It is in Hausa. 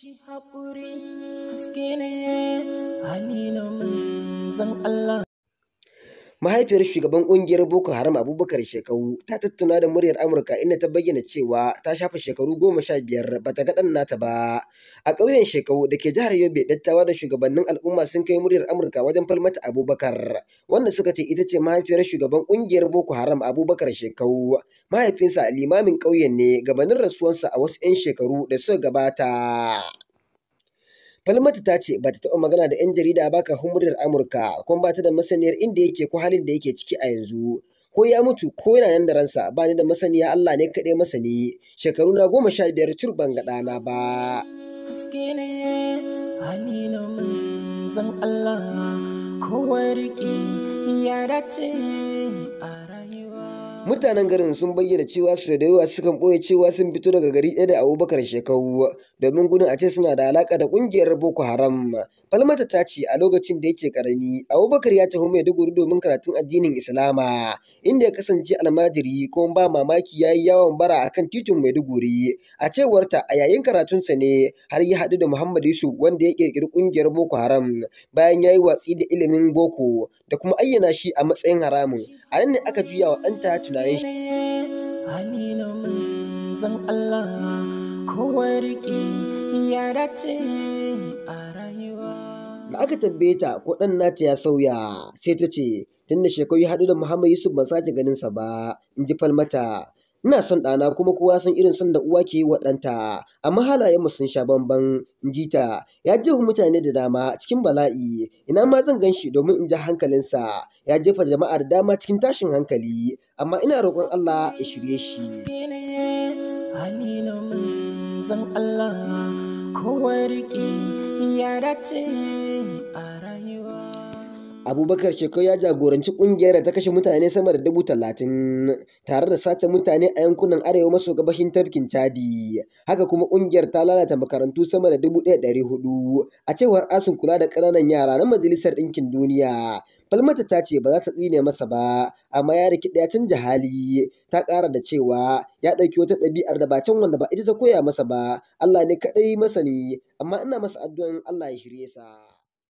shi haƙuri haske ne hali na manzan Allah. Mahaifiyar shugaban kungiyar Boko Haram Abubakar Shekau ta tattauna da muryar Amurka inda ta bayyana cewa ta shafa shekaru goma sha biyar ba ta ga ɗan nata ba. A ƙauyen Shekau da ke jihar Yobe dattawa da shugabannin al'umma sun kai muryar Amurka wajen falmata Abubakar wanda suka ce ita ce mahaifiyar shugaban kungiyar Boko Haram Abubakar Shekau. Mahaifinsa limamin ƙauyen ne gabanin rasuwansa a wasu 'yan shekaru da suka gabata. Falmata ta ce ba ta taɓa magana da 'yan jarida ba ka muryar Amurka kuma ba ta da masaniyar inda yake ko halin da yake ciki a yanzu. Ko ya mutu ko yana nan da ransa ba ni da masaniya Allah ne kaɗai masani shekaru na goma sha biyar turban ga ɗana ba. Haske ne Allah mutanen garin sun bayyana cewa su da yawa sukan ɓoye cewa sun fito daga gari ɗaya da abubakar shekau domin gudun a ce suna da alaƙa da ƙungiyar boko haram falmata ta ce a lokacin da yake karami abubakar ya taho maiduguri domin karatun addinin islama inda ya kasance almajiri ko ba mamaki ya yi yawon bara akan titin maiduguri a cewarta a yayin karatunsa ne har ya haɗu da muhammad yusuf wanda ya ƙirƙiri ƙungiyar boko haram bayan ya yi watsi da ilimin boko da kuma ayyana shi a matsayin haramun a nan ne aka juya wa ɗan ɗanta layi da aka tambaye ta ko ɗan nata ya sauya sai ta ce tun da shekaru ya haɗu da Muhammad Yusuf ban sake ganinsa ba in ji falmata Ina son ɗana kuma kowa san irin son da uwa ke yi wa ɗanta, amma mu sun sha bamban, in ta. Ya jefa mutane da dama cikin bala'i, ina ma zan gan shi domin in ji hankalinsa. Ya jefa jama'a da dama cikin tashin hankali, amma ina roƙon Allah ya shirye shi. Hali Allah, kowa riƙe ya dace. abubakar shekau ya jagoranci kungiyar da ta kashe mutane sama da dubu talatin tare da sace mutane a yankunan arewa maso gabashin tafkin chadi haka kuma ƙungiyar ta lalata makarantu sama da dubu ɗaya ɗari hudu a cewar asin kula da ƙananan yara na majalisar ɗinkin duniya falmata ta ce ba za ta tsine masa ba amma ya riki ya canja hali ta ƙara da cewa ya ɗauki wata ɗabi'ar da ba can wanda ba ita ta koya masa ba Allah ne kaɗai masani amma ina masa addu'an Allah ya shirye sa.